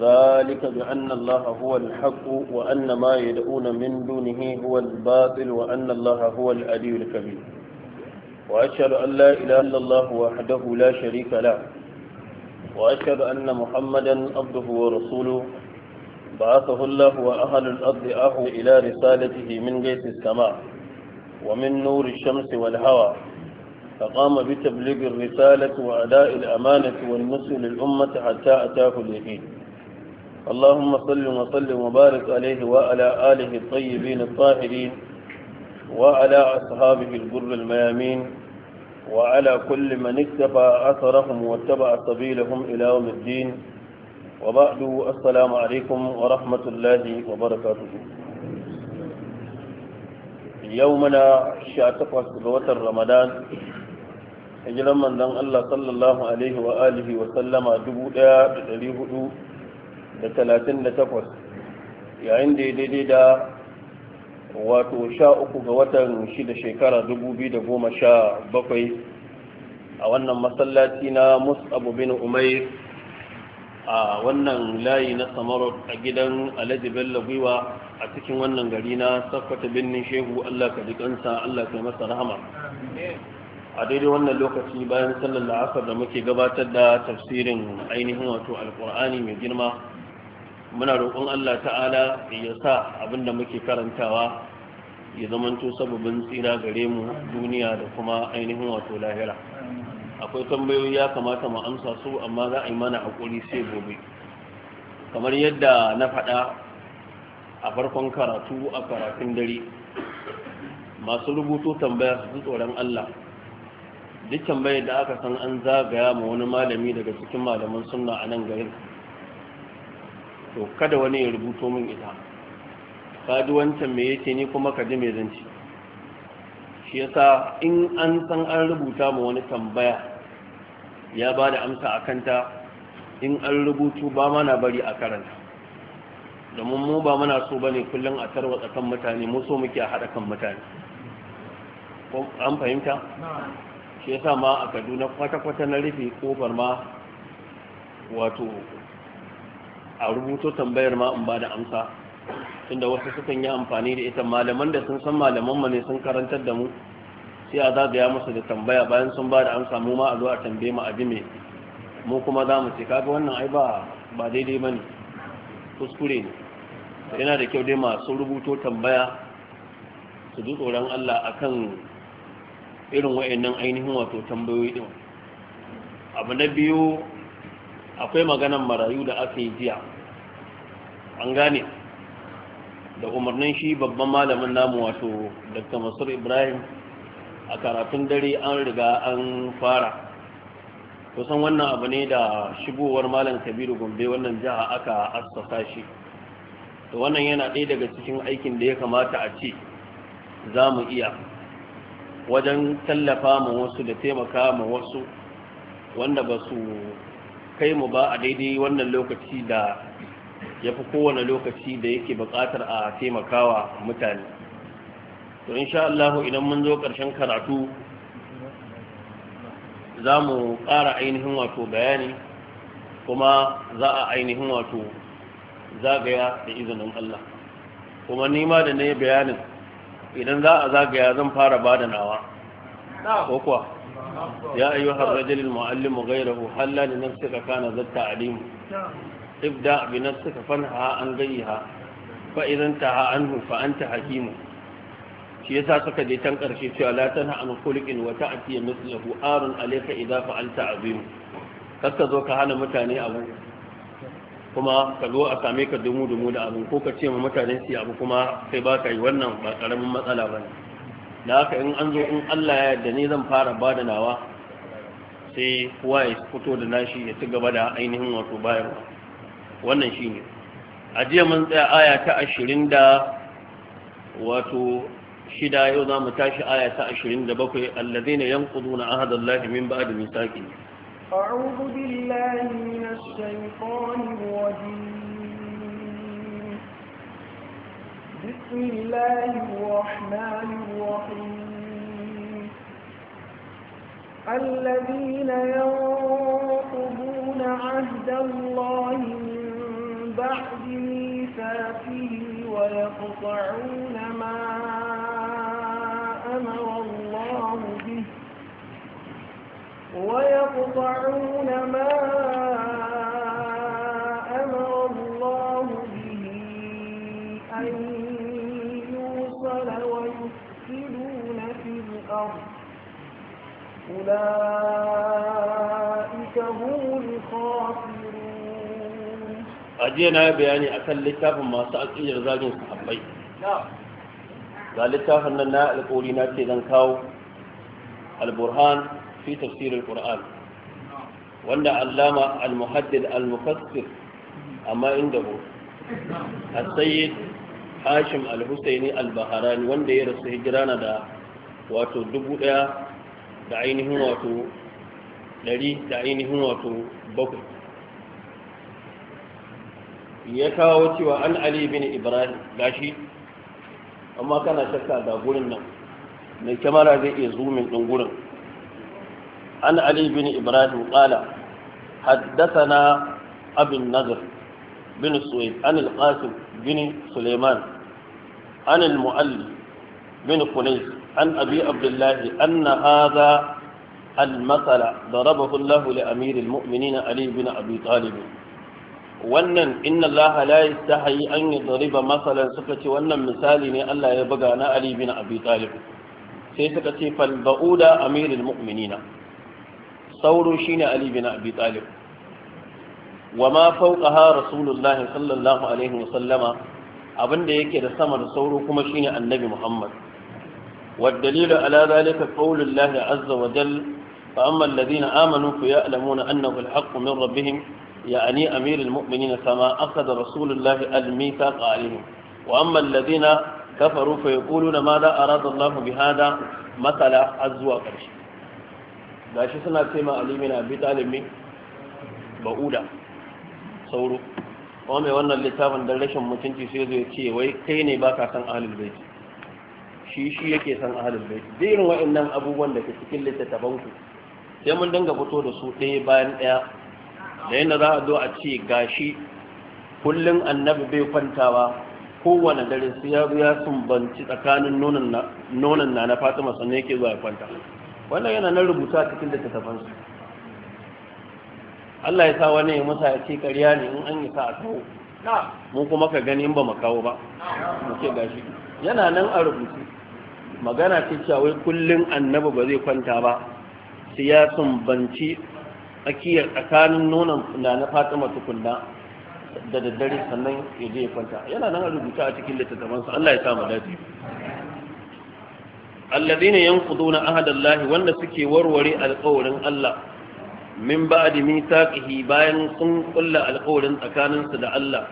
ذلك بأن الله هو الحق وأن ما يدعون من دونه هو الباطل وأن الله هو العلي الكبير وأشهد أن لا إله إلا الله وحده لا شريك له وأشهد أن محمدا عبده ورسوله بعثه الله وأهل الأرض أهو إلى رسالته من جيش السماء ومن نور الشمس والهوى فقام بتبليغ الرسالة وأداء الأمانة والنصر للأمة حتى أتاه اليقين اللهم صل وسلم وبارك عليه وعلى آله الطيبين الطاهرين وعلى أصحابه الجر الميامين وعلى كل من اكتفى أثرهم واتبع سبيلهم إلى يوم الدين وبعد السلام عليكم ورحمة الله وبركاته يومنا شاتقوى سبوة رمضان hijiran manzon Allah sallallahu alaihi wa alihi wa sallama dubu ɗaya da ɗari hudu da talatin da takwas yayin da ya daidai da wato sha uku ga watan shida shekara dubu biyu da goma sha bakwai a wannan masallaci na musabu bin umair a wannan layi na samarot a gidan alhaji bello gwiwa a cikin wannan gari na sakwata birnin shehu allah ka jikansa allah ka masa rahama a daidai wannan lokaci bayan sallar la'asar da muke gabatar da tafsirin ainihin wato alkur'ani mai girma muna roƙon Allah ta'ala ya sa abin da muke karantawa ya zamanto sababin tsira gare mu duniya da kuma ainihin wato lahira akwai tambayoyi ya kamata mu amsa su amma za a yi mana haƙuri sai gobe kamar yadda na faɗa a farkon karatu a karatun dare masu rubuto tambaya su tsoron Allah duk tambayar da aka san an zagaya ma wani malami daga cikin malaman sunna a nan garin to kada wani ya rubuto min ita kaji wancan me yake ni kuma kaji me zanci shi yasa in an san an rubuta ma wani tambaya ya ba da amsa a kanta in an rubutu ba mana bari a karanta domin mu ba mana so bane kullum a tarwatsa kan mutane mu so muke a haɗa kan mutane an fahimta shi yasa ma a kaduna kwata-kwata na rufe kofar ma wato a rubuto tambayar ma in ba da amsa tunda wasu sukan yi amfani da ita malaman da sun san malaman mu ne sun karantar da mu sai a zagaya musu da tambaya bayan sun ba da amsa mu ma a zo a tambaye mu abi me mu kuma za mu ce kaga wannan ai ba ba daidai bane kuskure ne yana da kyau dai masu rubuto tambaya su ji tsoron Allah akan irin wayannan ainihin wato tambayoyi din abu na biyu akwai maganan marayu da aka yi jiya an gane da umarnin shi babban malamin namu wato dr masur ibrahim a karatun dare an riga an fara kusan wannan abu ne da shigowar malam kabiru gombe wannan jiha aka assasa shi da wannan yana ɗaya daga cikin aikin da ya kamata a ce za mu iya wajen tallafa ma wasu da taimaka ma wasu wanda ba su kai mu ba a daidai wannan lokaci da ya fi kowane lokaci da yake buƙatar a taimakawa mutane to insha Allah idan mun zo ƙarshen karatu za mu ƙara ainihin wato bayani kuma za a ainihin wato zagaya da izinin Allah kuma nima da na yi bayanin idan za a zagaya zan fara ba da nawa ko kuwa يا أيها الرجل المعلم غيره هل لنفسك كان ذا التعليم ابدأ بنفسك فانهى عن غيها فإذا انتهى عنه فأنت حكيم shi yasa suka je can ƙarshe cewa la tanha an khuliqin wa ta'ti mithluhu arun alayka idza fa'alta azim zo ka hana mutane abu kuma ka zo a same ka dumu dumu da abu ko ka ce ma mutane su abu kuma sai ba ka yi wannan ba karamin matsala bane da haka in an zo in Allah ya yarda ne zan fara ba da nawa sai kowa ya fito da nashi ya ci gaba da ainihin wato bayarwa wannan ne. a jiya mun tsaya aya ta ashirin da wato shida yau za mu tashi aya ta ashirin da bakwai allazina na ahadallahi min ba'di misaqi أعوذ بالله من الشيطان الرجيم بسم الله الرحمن الرحيم الذين ينقضون عهد الله من بعد ميثاقه ويقطعون ما أمر الله به ويقطعون ما a jiya na bayani akan littafin masu aƙiyar zagin sahabbai ga littafin nan na alƙori na ce zan kawo al-burhan fi tafsirin ƙur'an wanda Alama, al-muhaddid al-mufassir amma inda ho a hashim al-husaini al-baharani wanda ya rasu hijirana da wato dubu ɗaya. da ainihin wato ɗari da ainihin wato bakwai ya kawo cewa an ali bin ibrahim gashi amma kana shakka da gurin nan mai kyamara zai iya zumin ɗin gurin an ali bin ibrahim ƙala haddasana abin nazar bin suwaid an al bin suleiman an al bin kunais an abi abdullahi anna hadha المثل ضربه الله لأمير المؤمنين علي بن أبي طالب wannan inna Allah la yastahi an yadriba masalan suka ce wannan misali ne Allah ya buga na Ali bin Abi Talib sai suka ce fal bauda amirul mu'minina sauro shine Ali bin Abi Talib wama fawqaha rasulullahi sallallahu alaihi wasallama abinda yake da sama da sauro kuma shine annabi Muhammad والدليل على ذلك قول الله عز وجل فأما الذين آمنوا فيعلمون أنه الحق من ربهم يعني أمير المؤمنين كما أخذ رسول الله الميثاق عليهم وأما الذين كفروا فيقولون ماذا أراد الله بهذا مثلا عز وقرش gashi suna ce ma alimin abi talibin ba'uda sauro kuma mai wannan littafin don rashin mutunci sai zai ce wai kai ne baka san ahlul baiti shi shi yake san ahlul bait irin wa'annan abubuwan da ke cikin littattafan ku sai mun dinga fito da su ɗaya bayan ɗaya da yadda za a zo a ce gashi kullum annabi bai kwantawa kowane dare su ya ya sumbanci tsakanin nonon na na fatima sannan yake zuwa ya kwanta wannan yana nan rubuta cikin littattafansu Allah ya sa wani ya musa ya ce ƙarya ne in an yi sa a kawo mun kuma ka gani in ba mu kawo ba mu ce gashi yana nan a rubutu magana ta cewa wai kullum annabi ba zai kwanta ba sai ya sumbanci tsakiyar tsakanin nonon na na fatima tukunna da daddare sannan ya je ya kwanta yana nan a rubuta a cikin littattafansa Allah ya mu dace alladhina yanquduna ahadallahi wanda suke warware alƙawarin Allah min ba'di mithaqihi bayan sun kulla alƙawarin tsakaninsu da Allah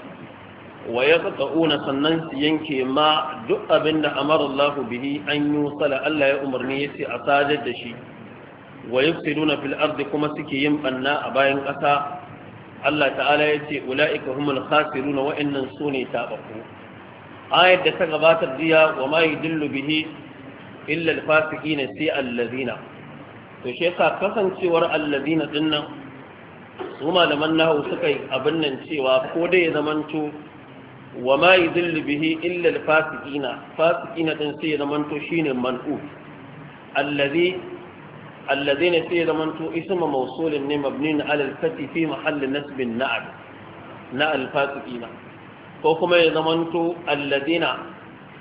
wa yaqta'una sannan su yanke ma duk abin da amara bihi an yusala Allah ya umarni yace a sadar da shi wa yufsiduna filar da kuma suke yin banna a bayan ƙasa Allah ta'ala yace ulaika humul khasiruna wa innan sune tabaku ayat da ta gabatar jiya wa ma yudillu bihi illa al fasiqina sai allazina to shi yasa kasancewar allazina dinnan su malaman nahu suka yi abin nan cewa ko dai ya zamanto wa ma yi zillu bihi illa fasikina fasikina din sai ya zama to shine man'u allazi ne sai ya zama to isma ne mabni alal fati fi mahallin nasbin na'al fasikina ko kuma ya zama to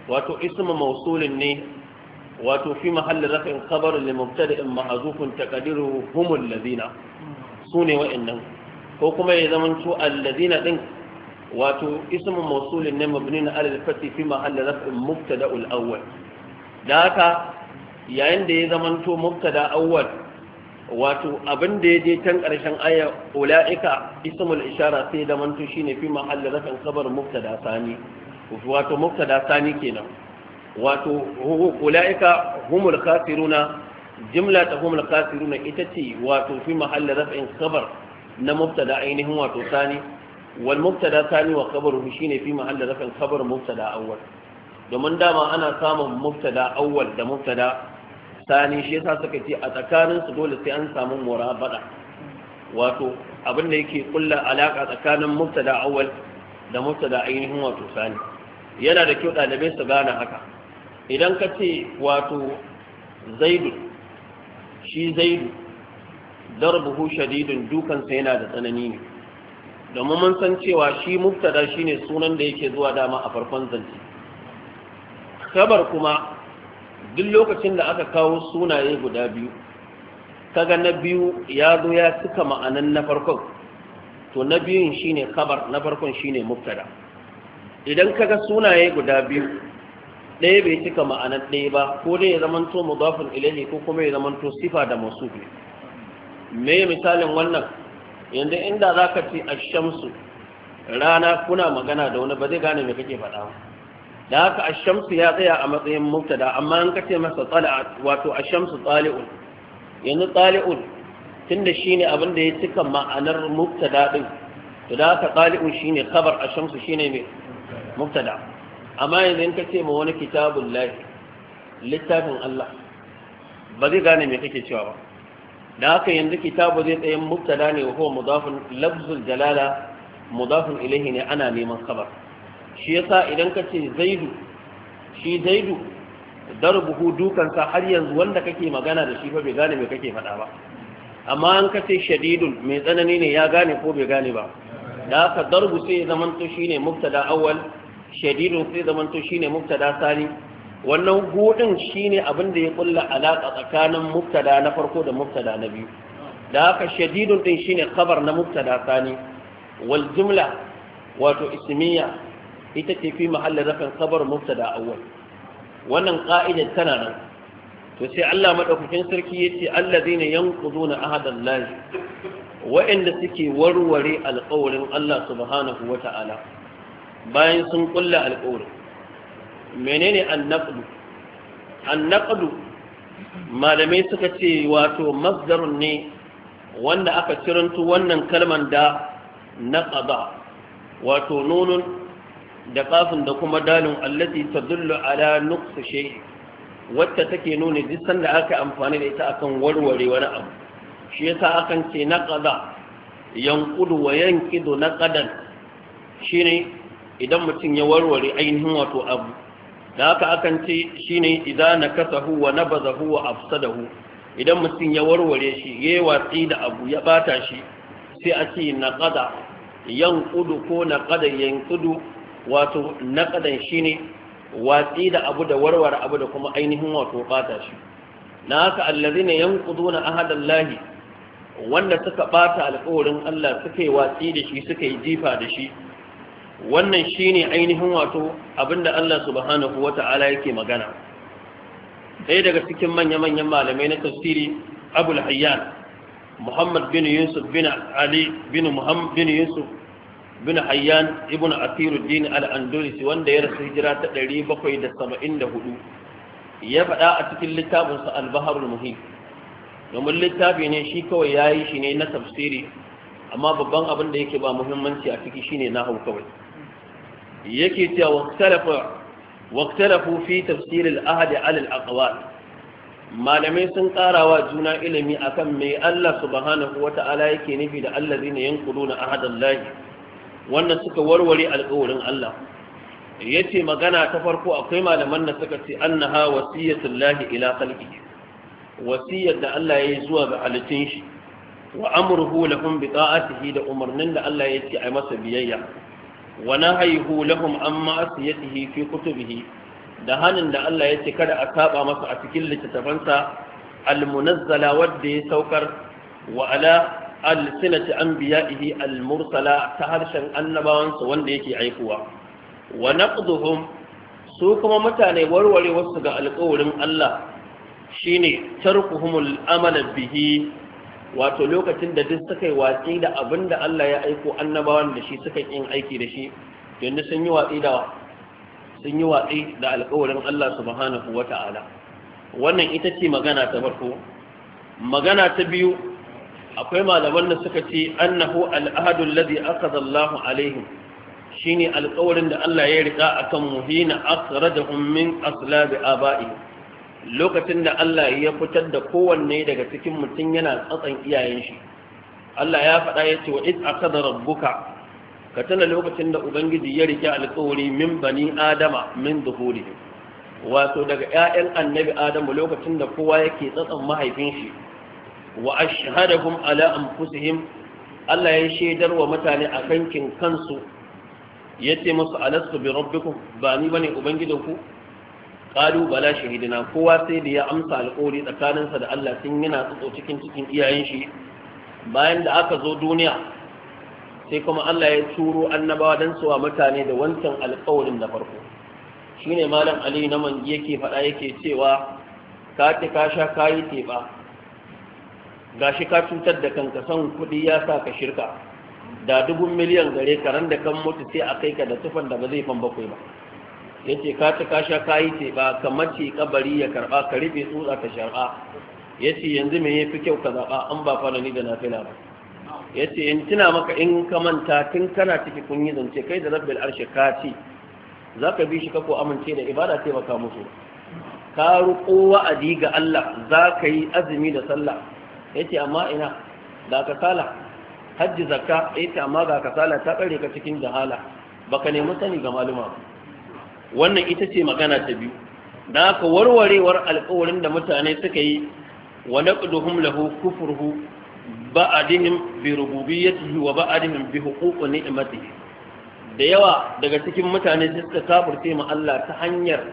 wato isma mawsulin ne wato fi mahallin rafin khabar li mubtada'in ma'zufun taqdiru humul ladina sune wa'annan ko kuma ya zama to allazina wato ismu mausulin ne mabnin na alal fasi fi mahalli raf'in mubtada ul awwal da haka yayin da ya zamanto mubtada awwal wato abin da ya je can karshen aya ulaika ismul ishara sai da manto shine fi mahalli raf'in khabar mubtada sani wato mubtada sani kenan wato ulaika humul khasiruna jimla ta humul khasiruna ita ce wato fi mahalli raf'in khabar na mubtada ainihin wato sani wal mubtada thani wa khabaruhu ne fi mahall rafin khabar mubtada awwal domin dama ana samun mubtada awwal da mubtada Sani shi yasa suka ce a tsakanin su dole sai an samu murabada wato abin da yake kulla alaka tsakanin mubtada awwal da mubtada ainihin wato thani yana da kyau dalibai su gane haka idan ka ce wato zaidu shi zaidu darbuhu shadidun dukansa yana da tsanani ne domin mun san cewa shi mubtada shine sunan da yake zuwa dama a farkon zance khabar kuma duk lokacin da aka kawo sunaye guda biyu kaga na biyu ya zo ya cika ma'anan na farkon to na biyun shine khabar na farkon shine mubtada idan kaga sunaye guda biyu ɗaya bai cika ma'anar ɗaya ba ko dai ya zamanto mudafin ilaihi ko kuma ya zamanto sifa da biyu, me misalin wannan yanzu inda za ka ce shamsu, rana kuna magana da wani ba zai gane me kake faɗa da haka a shamsu ya tsaya a matsayin da amma an kace masa tsala wato a shamsu tsali'un yanzu tsali'un tunda shi ne abinda ya cika ma'anar da din to da haka tsali'un a shamsu shi ne mukta da amma yanzu in kace ma wani kitabun lafi littafin Allah ba zai gane me kake cewa ba da haka yanzu kitabu zai tsaye mubtada ne wa huwa mudafun jalala mudafin ilaihi ne ana neman khabar shi yasa idan ka ce zaidu shi zaidu darbuhu dukansa har yanzu wanda kake magana da shi fa bai gane me kake faɗa ba amma an ka ce shadidun mai tsanani ne ya gane ko bai gane ba da haka darbu sai zamanto shine mubtada awwal shadidun sai zamanto shine mubtada sani wannan hudun shine abin da ya kulla alaka tsakanin mubtada na farko da mubtada na biyu da haka shadidun din shine khabar na mubtada sani wal jumla wato ismiya ita ce fi mahallin rafin khabar mubtada awwal wannan ka'idar tana nan to sai Allah madaukakin sarki yace allazina yanquduna ahadan lahi wa'anda suke warware alƙawarin Allah subhanahu wata'ala bayan sun kulla alƙawarin menene annaqdu annaqdu malamai suka ce wato masdarun ne wanda aka ciranto wannan kalman da naqada wato nunun da kafin da kuma dalin allati tadullu ala nuqs shay wacce take nuni duk sanda aka amfani da ita akan warware wani abu shi yasa akan ce naqada yanqudu wa yankidu naqadan shine idan mutum ya warware ainihin wato abu da haka akan ce shine idan nakasahu wa nabazahu wa afsadahu idan mutum ya warware shi yi watsi da abu ya bata shi sai a ce naqada yanqudu ko naqada yanqudu wato naqadan shine watsi da abu da warware abu da kuma ainihin wato bata shi na haka allazina yanquduna ahadallahi wanda suka bata alƙawarin Allah suka yi watsi da shi suka yi jifa da shi wannan shine ainihin wato abinda Allah subhanahu wata'ala yake magana ɗaya daga cikin manya-manyan malamai na tafsiri abul hayyan muhammad bin yusuf bin ali bin muhammad bin yusuf bin hayyan ibn asiruddin al-andalusi wanda ya rasu hijira ta ɗari da 774 ya faɗa a cikin littafinsa al muhim domin littafi ne shi kawai ya yi shi ne na tafsiri amma babban abin da yake ba muhimmanci a ciki shine hau kawai yake cewa waktalafa waktalafu fi tafsir al-ahd aqwal malamai sun karawa juna ilimi akan me Allah subhanahu wata'ala yake nufi da allazina yanquduna ahadallahi wannan suka warware alƙawarin Allah yace magana ta farko akwai malaman da suka ce annaha wasiyatullahi ila khalqihi wasiyar da Allah ya yi zuwa ga halittun shi wa amruhu lahum bi ta'atihi da umarnin da Allah ya ce ai masa biyayya wa haihu lahum amma asiyatihi fi bihi, da hanin da Allah ya ce kada a kaɓa masa a cikin littattafansa almunazzala wadda ya saukar wa ala alsinati anbiya'ihi almursala ta harshen annabawansa wanda yake aikuwa wa naqduhum su kuma mutane warware wasu ga alƙawarin Allah shine tarkuhumul amala bihi wato lokacin da duk suka yi watsi da abin da Allah ya aiko annabawan da shi suka yin aiki da shi yanzu sun yi watsi da sun yi watsi da alƙawarin Allah subhanahu wannan ita ce magana ta farko magana ta biyu akwai malaman da suka ce annahu al'ahadul ladhi akhadha Allah alaihim shine alƙawarin da Allah ya rika akan muhina akhrajahum min aslabi aba'ihim lokacin da Allah ya fitar da kowanne daga cikin mutum yana tsatsan iyayen shi Allah ya faɗa ya ce wa iz akada rabbuka ka tana lokacin da ubangiji ya rike alƙawari min bani adama min zuhuri wato daga ƴaƴan annabi adamu lokacin da kowa yake tsatsan mahaifin shi wa ashhadahum ala anfusihim Allah ya shaidar wa mutane a kankin kansu ya ce musu alastu bi rabbikum ba ni bane ubangijinku Kalu, bala shahidina kowa sai da ya amsa alƙawari tsakaninsa da Allah tun yana tsotso cikin cikin iyayen shi bayan da aka zo duniya sai kuma Allah ya turo annabawa don suwa mutane da wancan alƙawarin da farko shine malam Aliyu na mangi yake faɗa yake cewa ka ci ka sha kayi teba gashi ka cutar da kanka son kuɗi ya sa ka shirka da dubun miliyan gare ka ran da kan mutu sai a kai ka da tufan da ba zai fan bakwai ba yace ka ta ka sha kayi ce ba kamar ce kabari ya karba ka rufe tsutsa ka shar'a yace yanzu me yafi kyau ka zaba an ba fara ni da nafila ba yace in tuna maka in ka manta tun kana ciki kun yi zance kai da rabbil arshi ka ci ka bi shi ka ko amince da ibada taimaka musu ka ruko wa'adi ga Allah za ka yi azumi da sallah yace amma ina da ka sala hajji zakka yace amma ga kasala ta tsare ka cikin jahala baka nemi sani ga maluma ba wannan ita ce magana ta biyu da haka warwarewar alkawarin da mutane suka yi wa naqduhum lahu kufruhu ba'adihim bi rububiyyatihi wa ba'adihim bi huquqi ni'matihi da yawa daga cikin mutane suka kafirce ma Allah ta hanyar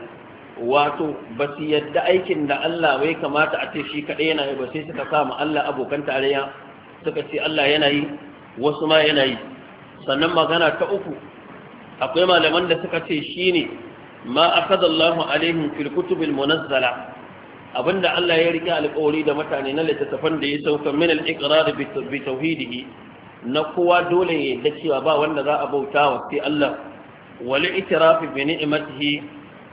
wato ba su yadda aikin da Allah bai kamata a ce shi kaɗai yana yi ba sai suka sa ma Allah abokan tarayya suka ce Allah yana yi wasu ma yana yi sannan magana ta uku akwai malaman da suka ce shine ma akada Allahu alaihim fil kutubil munazzala abinda Allah ya rike alƙawari da mutane na littattafan da ya sauka min al-iqrar bi tauhidihi na kowa dole ya yadda cewa ba wanda za a bauta wa sai Allah wal itirafi bi ni'matihi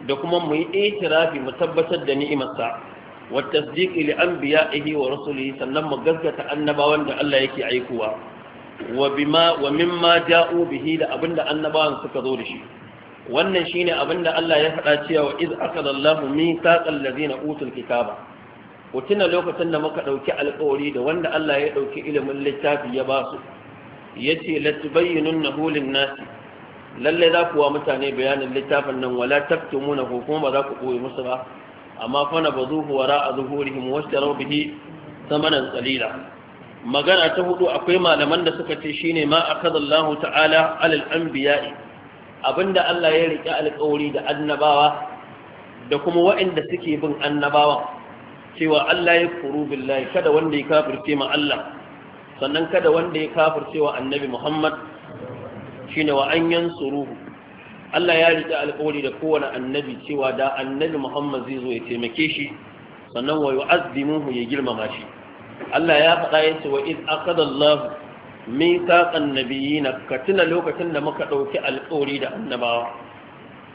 da kuma mu yi itirafi mu tabbatar da ni'imarsa wa tasdiqi li anbiya'ihi wa rusulihi sannan mu gaskata annabawan da Allah yake aikowa wa mimma ja'u bihi da abinda annabawan suka zo da shi wannan shine abinda Allah ya faɗa cewa iz akadallahu mithaqal ladzina utul kitaba ku tuna lokacin da muka ɗauki alƙawari da wanda Allah ya ɗauki ilimin littafi ya ba su yace latubayyinunahu lin-nas lalle za ku wa mutane bayanin littafin nan wala taktumunahu kuma ba za ku koyi musu ba amma fa na bazuhu wara a zuhurihim wastaraw bihi samanan qalila magana ta hudu akwai malaman da suka ce shine ma akadallahu ta'ala alal anbiya'i abinda Allah ya rike alƙawari da annabawa da kuma waɗanda suke bin annabawa cewa Allah ya furu billahi kada wanda ya kafirce ma Allah sannan kada wanda ya kafirce wa annabi Muhammad shine wa an yansuruhu Allah ya rike alƙawari da kowane annabi cewa da annabi Muhammad zai zo ya taimake shi sannan wa yu'azzimuhu ya girmama shi Allah ya faɗa ya ce wa iz aqada Allah mithaqan nabiyina ka tuna lokacin da muka ɗauki alƙawari da annabawa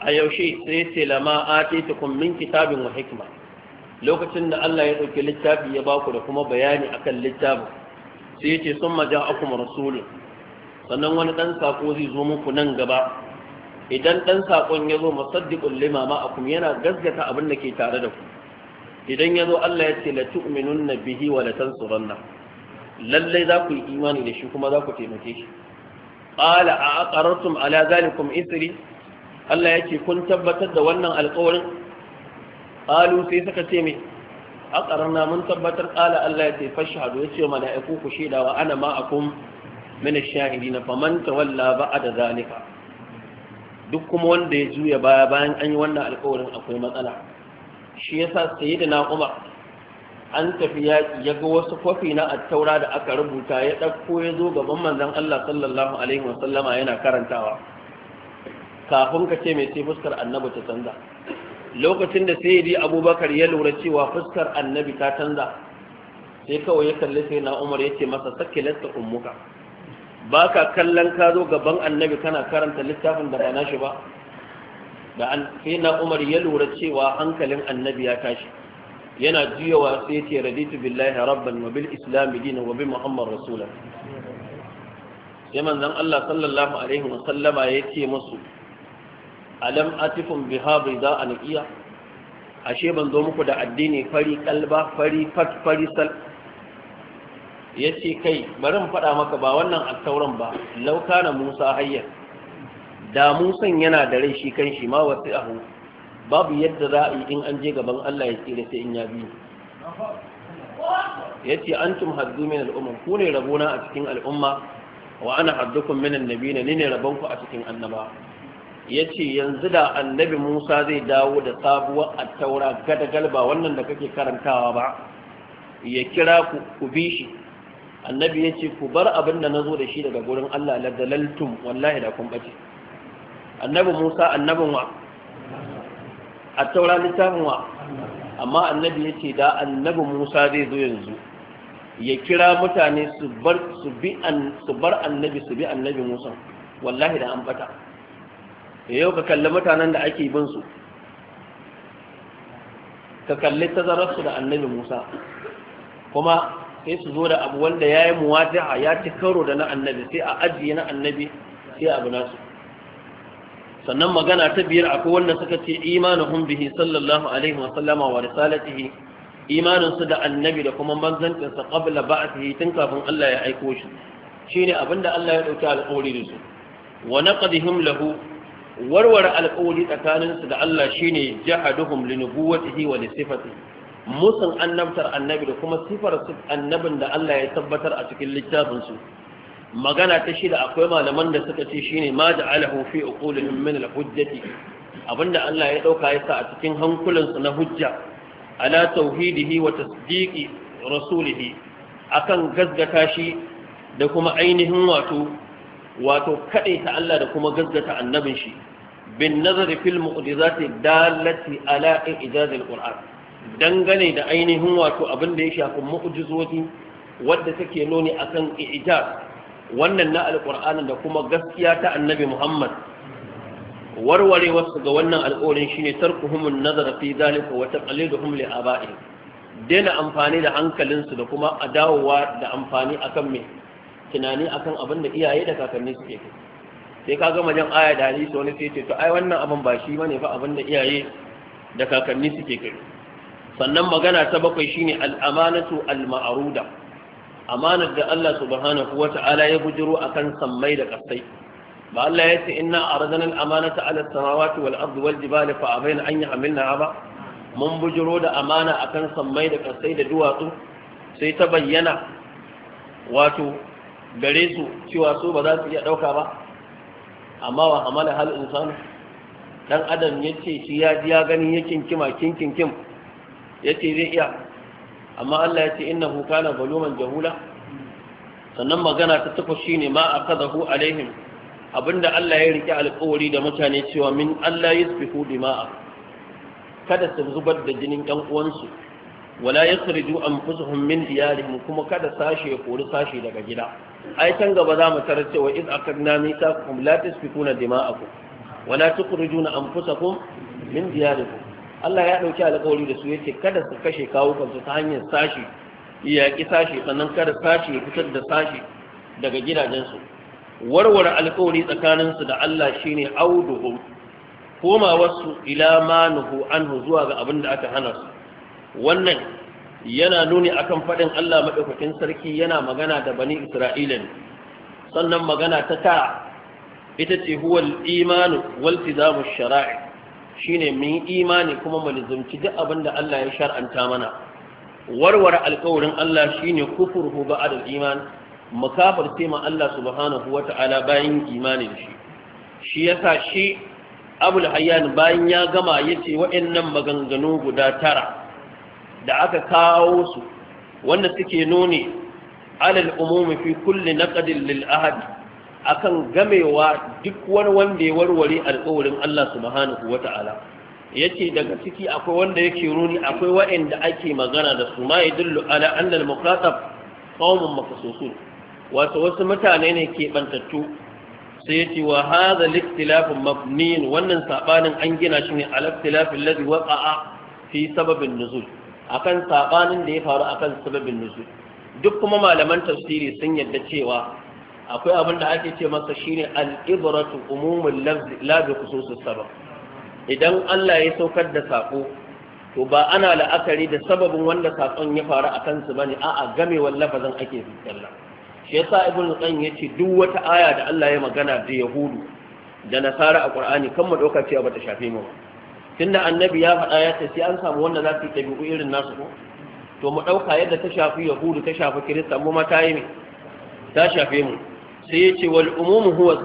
a yaushe sai ce lama atitukum min kitabin wa hikma lokacin da Allah ya ɗauki littafi ya baku da kuma bayani akan littafin sai ya ce sun maja akum rasulun sannan wani ɗan saƙo zai zo muku nan gaba idan ɗan saƙon ya zo musaddiqun lima ma'akum yana gaskata abin da ke tare da ku idan ya zo Allah ya ce la tu'minunna bihi wa la tansuranna lalle za ku yi imani da shi kuma za ku taimake shi qala a aqarartum ala zalikum isri Allah ya ce kun tabbatar da wannan alƙawarin qalu sai suka ce me aqarna mun tabbatar qala Allah ya ce fashhadu ya ce mala'iku ku shaida wa ana ma'akum min ash-shahidin faman tawalla ba'da zalika duk kuma wanda ya juya baya bayan an yi wannan alƙawarin akwai matsala shi yasa na Umar an tafi yaƙi ya ga wasu kwafi na attaura da aka rubuta ya ɗauko ya zo gaban manzon Allah sallallahu alaihi wasallama yana karantawa kafin ka ce mai sai fuskar annabi ta canza lokacin da sayyidi abubakar ya lura cewa fuskar annabi ta canza sai kawai ya kalli sai na umar ya ce masa sake lasta ummuka ba ka kallon ka zo gaban annabi kana karanta littafin da ba na shi ba da sai na umar ya lura cewa hankalin annabi ya tashi yana juyawa sai ce raditu billahi rabban wa bil islam dinan wa bi muhammad rasulan sai manzon Allah sallallahu alaihi wa sallama ya ce musu alam atifum biha bida iya ashe ban zo muku da addini fari kalba fari fat fari sal yace kai bari in faɗa maka ba wannan attauran ba lauka na Musa hayya da musan yana da rai shi kan shi ma wasu ahu babu yadda za a yi in an je gaban Allah ya tsira sai in ya bi ya ce an tum haddu min al'umma ku ne rabona a cikin al'umma wa ana haddukun min annabi ne ne ku a cikin annaba ya ce yanzu da annabi musa zai dawo da sabuwar attaura gada galba wannan da kake karantawa ba ya kira ku ku bi shi annabi ya ce ku bar abin da na zo da shi daga gurin allah la dalaltum wallahi da kun bace annabi musa annabin wa a taura littafin wa amma annabi ya ce da annabi musa zai zo yanzu ya kira mutane su bar annabi su bi annabi musa wallahi da an bata yau ka kalli mutanen da ake bin su ka kalli tazararsu da annabi musa kuma sai su zo da abu wanda ya yi muwajaha ya ci karo da na annabi sai a ajiye na annabi sai abu nasu sannan magana ta biyar akwai wanda suka ce imanuhum bihi sallallahu alaihi wa sallama wa risalatihi imanin su da annabi da kuma manzancin sa qabla ba'thihi tun kafin Allah ya aiko shi shine abinda Allah ya dauki alƙawari da su wa naqdihim lahu warware alƙawari tsakanin su da Allah shine jahaduhum li nubuwwatihi wa li sifatihi musun annabtar annabi da kuma sifar annabin da Allah ya tabbatar a cikin littafin su magana ta shida akwai malaman da suka ce shine ma ja'alahu fi uqulihim min al-hujjati abinda Allah ya dauka ya sa a cikin hankulansu na hujja ala tauhidihi wa tasdiqi rasulihi akan gazgata shi da kuma ainihin wato wato ta Allah da kuma gazgata annabin shi bin nazar fil mu'jizati dalati ala ijaz al-qur'an dangane da ainihin wato abinda ya shafi mu'jizoti wadda take nuni akan ijaz wannan na alƙur'ani da kuma gaskiya ta annabi muhammad warware wasu ga wannan alƙorin shine tarkuhumun nazara fi zalika wa taqliduhum li aba'i daina amfani da hankalinsu da kuma adawowa da amfani akan me tunani akan abin da iyaye da kakanni suke yi sai ka gama jan aya da hadisi wani sai ce to ai wannan abin ba shi bane fa abin da iyaye da kakanni suke yi sannan magana ta bakwai shine al-amanatu al-ma'ruda amanar da Allah subhanahu wata'ala ya bujiro akan sammai da kasai ba Allah ya ce inna arzana al-amanata ala samawati wal ardi wal jibali fa abaina an yahmilna ba mun bujiro da amana akan sammai da kasai da duwatsu sai ta bayyana wato gare su cewa su ba za su iya ɗauka ba amma wa hamala hal insanu dan adam ce shi ya ji ya gani yakin kima kinkin Ya yace zai iya amma Allah ya ce innahu kana zaluman jahula sannan magana ta takwas ne, ma a akadahu alaihim abinda Allah ya rike alƙawari da mutane cewa min Allah ya fi yasfiku dima'a kada su zubar da jinin ɗan uwansu wala yakhriju anfusuhum min diyarihim kuma kada sashe ya kori sashe daga gida ai can gaba za mu tarar cewa iz akadna kuma la fi tasfikuna dima'akum wala tukhrijuna anfusakum min diyarikum Allah ya ɗauki alƙawari da su yace kada su kashe kawukansu ta hanyar sashi ya ƙi sashi sannan kada sashi ya fitar da sashi daga gidajensu warware alƙawari tsakaninsu da Allah shine auduhum koma wasu ila ma nuhu anhu zuwa ga abin da aka hana su wannan yana nuni akan faɗin Allah maɗaukakin sarki yana magana da bani Isra'ila ne sannan magana ta ta ita ce huwal imanu wal tizamu shara'i shine mun yi imani kuma mu lizumci duk abin da Allah ya shar'anta mana warware alƙawarin Allah shine kufurhu ba'da al-iman mukafir sai ma Allah subhanahu wata'ala bayan imani da shi shi yasa shi Abul Hayyan bayan ya gama yace waɗannan maganganu guda tara da aka kawo su wanda suke nuni alal umumi fi kulli naqdin lil ahad akan gamewa duk wani wanda ya warware alƙawarin Allah subhanahu wata'ala yace daga ciki akwai wanda yake runi akwai waɗanda ake magana da su ma yadullu ala annal muqatab qawmun mafsusun wato wasu mutane ne ke bantattu sai yace wa hadha al mabniin wannan sabanin an gina shi ne ala ikhtilaf alladhi waqa'a fi sababin nuzul akan sabanin da ya faru akan sababin nuzul duk kuma malaman tafsiri sun yadda cewa akwai abin da ake ce masa shine al-ibratu umumul lafz la bi khususus sabab idan Allah ya saukar da sako to ba ana la'akari da sababin wanda sakon ya faru a kansu bane a'a game wallafazan ake zikirla shi yasa ibnu qayyim yace duk wata aya da Allah ya magana da yahudu da nasara a qur'ani kan mu dauka cewa bata shafe mu tunda annabi ya faɗa ya ce sai an samu wanda za su tabi'u irin nasu ko to mu dauka yadda ta shafi yahudu ta shafi kirista mu ma ta yi ta shafe mu sai ya ce wal huwa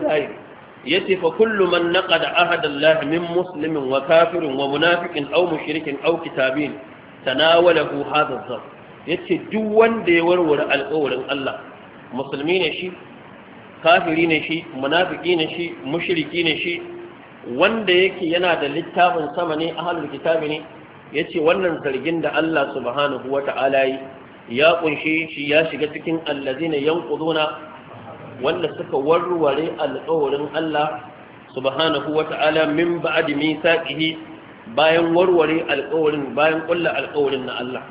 ya ce fa man naqada ahada min musulmin wa kafirin wa munafiqin aw mushrikin aw kitabin tanawalahu hadha adh Ya ce duk wanda ya warware alƙawarin Allah musulmi ne shi kafiri ne shi munafiki ne shi mushiriki ne shi wanda yake yana da littafin sama ne halin kitabi ne yace wannan zargin da Allah subhanahu wa yi ya kunshi shi ya shiga cikin allazina yanquduna wanda suka warware alƙawarin Allah subhanahu wata'ala min ba'd mithaqihi bayan warware alƙawarin bayan ƙulla alƙawarin na Allah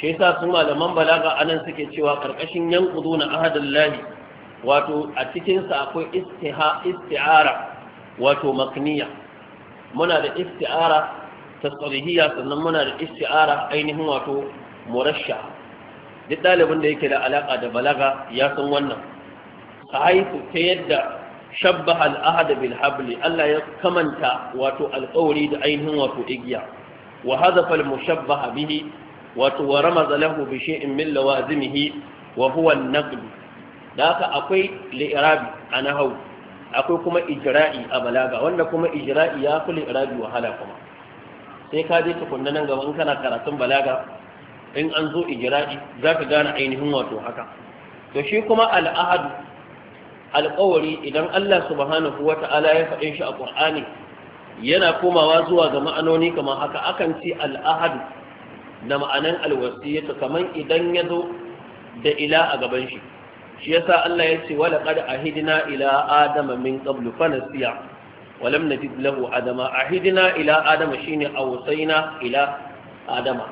shi yasa su malaman balaga anan suke cewa karkashin yanquduna ahadallahi wato a cikin sa akwai istiha isti'ara wato makniya muna da isti'ara tasrihiyya sannan muna da isti'ara ainihin wato murashsha duk ɗalibin da yake da alaƙa da balaga ya san wannan haifu ta yadda shabba al'ahada bil habli Allah ya kamanta wato alƙawari da ainihin wato igiya wa hazafa mushabbaha bihi wato wa ramaza lahu bi shay'in min lawazimihi wa huwa an-naqd da haka akwai li'irabi a akwai kuma ijra'i a balaga wanda kuma ijra'i ya fi li'irabi wahala kuma sai ka je tukunna nan gaban kana karatun balaga in an zo ijra'i za ka gane ainihin wato haka to shi kuma al'ahadu alƙawari idan Allah subhanahu wata'ala ya faɗe shi a Qur'ani yana komawa zuwa ga ma'anoni kamar haka akan ce al'ahadu da ma'anan alwasiyatu kamar idan ya zo da ila a gaban shi shi yasa Allah ya ce wala qad ahidna ila adama min qablu fa nasiya Walam lam najid lahu adama ahidna ila adama shine awsayna ila adama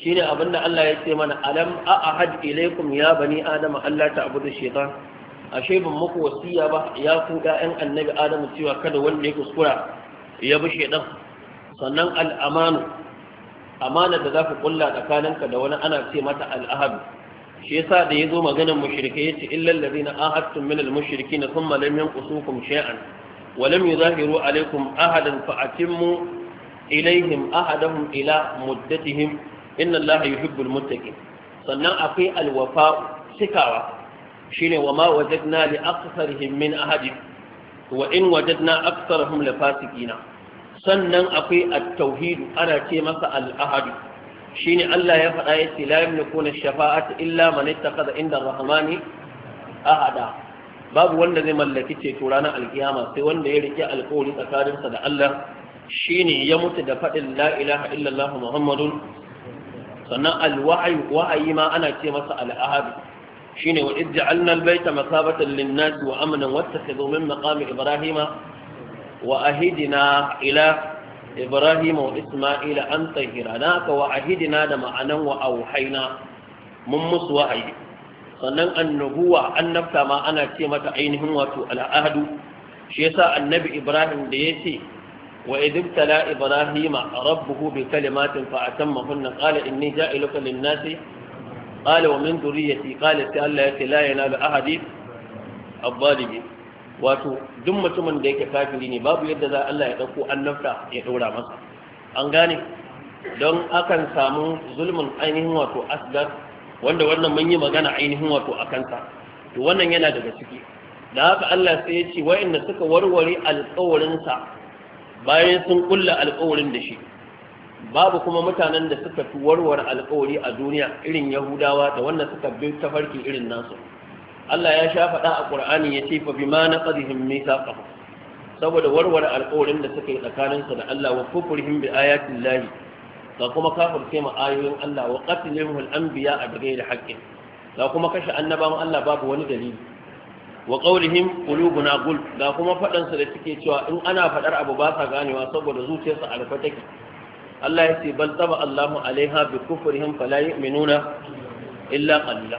shine abinda Allah ya ce mana alam a ahad ilaykum ya bani adama Allah ta'budu shaytan ashe ban muku wasiya ba ya ku ƴaƴan annabi adamu cewa kada wanda ya kuskura ya bi shedan sannan al'amanu amana da za ku kulla tsakaninka da wani ana ce mata al'ahadu shi yasa da zo maganar mushrike yace illal ladina ahadtum minal mushrikin thumma lam yanqusukum shay'an wa lam yuzahiru alaykum ahadan fa atimmu ilayhim ahadahum ila muddatihim inna allaha yuhibbul muttaqin sannan akwai alwafa sikawa shine wa ma wajadna li aktsarihim min ahadin wa in wajadna aktsarahum la fasiqina sannan akwai at-tauhid ana ce masa al-ahad shine Allah ya faɗa ya ce la yamlikuna shafa'ata illa man ittakhadha inda ar-rahmani ahada babu wanda zai mallaki ceto ranar alkiyama sai wanda ya rike alkawari tsakaninsa da Allah shine ya mutu da faɗin la ilaha illallah muhammadun sannan alwa'ayi wa'ayi ma ana ce masa al'ahadu shine wa idh ja'alna al-bayta masabatan lin-nas wa amnan wattakhidhu min maqami ibrahima wa ahidna ila ibrahima wa isma'ila an tahirana ka wa ahidna da ma'anan wa auhayna mun musu wahayi sannan annabuwa annabta ma ana ce mata ainihin wato al-ahdu shi yasa annabi ibrahim da yace وإذ ابتلى إبراهيم ربه بكلمات فأتمهن قال إني جائلك للناس qala wa min dhurriyyati qala ta Allah yake la ahadi abbalimi wato duk mutumin da yake kafiri ne babu yadda za Allah ya dauko annabta ya daura masa an gane don akan samu zulmin ainihin wato asgar wanda wannan mun yi magana ainihin wato akan to wannan yana daga ciki da haka Allah sai ya ce wa'anda suka warware alƙawarin sa bayan sun kulla alƙawarin da shi babu kuma mutanen da suka fi warware alkawari a duniya irin yahudawa da wannan suka bi tafarki irin nasu Allah ya sha faɗa a Ƙur'ani ya ce fa bima naqadihim mithaqahum saboda warware alkawarin da suka yi tsakaninsu da Allah wa kufrihim bi ayatin lahi kuma kafirce ma ayoyin Allah wa qatlihim anbiya a bighairi haƙƙin. Ga kuma kashe annabawan Allah babu wani dalili wa qawlihim qulubuna gul Ga kuma faɗansu da suke cewa in ana faɗar abu ba sa ganewa saboda zuciyarsu alfa take Allah ya ce bal taba Allahu alaiha bi kufrihim fala yu'minuna illa qalila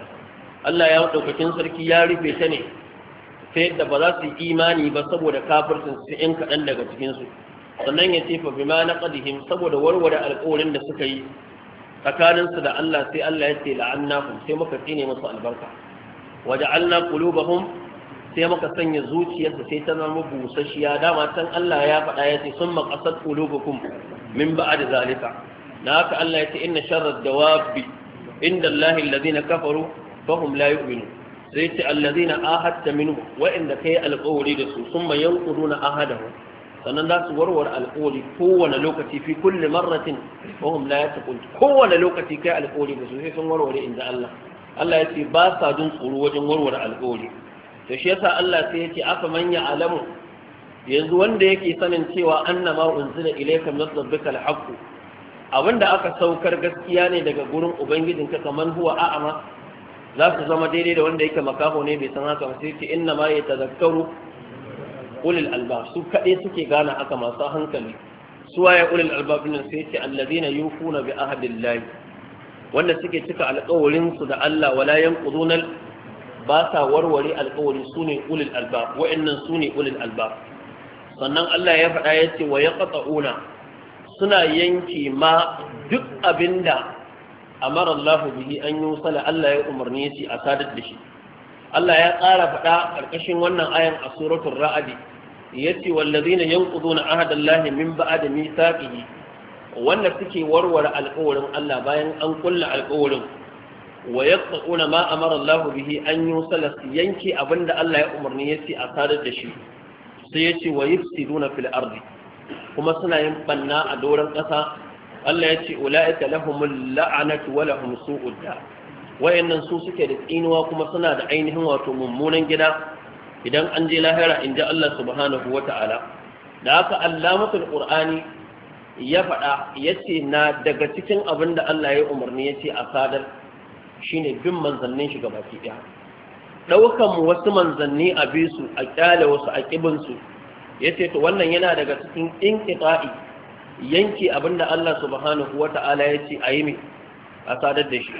Allah ya daukakin sarki ya rufe ta ne sai da ba za su yi imani ba saboda kafircin su in kaɗan daga cikin su sannan ya ce fa bima naqadihim saboda warware alƙawarin da suka yi tsakanin su da Allah sai Allah ya ce kun sai muka tsine musu albarka waja'alna qulubahum sai muka sanya zuciyarsa sai ta zama busasshiya dama can Allah ya faɗa ya ce sun maqasat qulubukum min ba'd zalika na haka Allah ya ce inna sharrad dawabi inda Allah alladhina kafaru fahum la yu'minun sai ce alladhina ahadta minhu wa inda kai alqawli da su sannan za su warware alƙoli kowane lokaci fi kulle marratin wahum la yattaqun kowane lokaci kai alƙoli da su sai sun warware inda Allah Allah ya ce ba sa jin tsoro wajen warware alƙoli to shi yasa Allah sai ya ce aka manya Alamu? yanzu wanda yake sanin cewa annama unzila ilayka min rabbika al-haqq abinda aka saukar gaskiya ne daga gurin ubangijinka kaman huwa a'ama za su zama daidai da wanda yake makaho ne bai san haka ba sai ce inna ma yatazakkaru ulul albab su kade suke gane haka masu hankali su waye ulul albab din sai ce alladhina yufuna bi ahdillahi wanda suke cika alƙawarin su da Allah wala yanquduna ba sa warware alƙawari sune ulul albab wa'annan sune albab sannan Allah ya faɗa ya ce wa ya ƙasa'una suna yanki ma duk abin da amara Allah bihi an yi sala Allah ya umarni ya ce a sadar da shi Allah ya ƙara faɗa ƙarƙashin wannan ayan a suratul ra'adi ya ce wallazina yanquduna ahadallahi min ba'a da ba'da mithaqihi wanda suke warware alƙawarin Allah bayan an kulle alƙawarin wa yaqta'una ma amara Allah bihi an yusala yanki abinda Allah ya umarni ya ce a sadar da shi sai yace wa yufsiduna fil ardi kuma suna yin banna a doron ƙasa Allah ya ce ula'ika lahumul la'anatu wa lahum su'ud wayannan su suke da tsinuwa kuma suna da ainihin wato mummunan gida idan an je lahira in ji Allah subhanahu wa ta'ala da haka allamatul qur'ani ya faɗa ya ce na daga cikin abin da Allah ya umarni ya ce a sadar shine bin manzannin shi baki ɗaya ɗaukan wasu manzanni a bisu a ƙyale wasu a ƙibinsu ya ce to wannan yana daga cikin inƙita'i yanki abin da Allah subhanahu wa ta'ala ya ce a yi mai a sadar da shi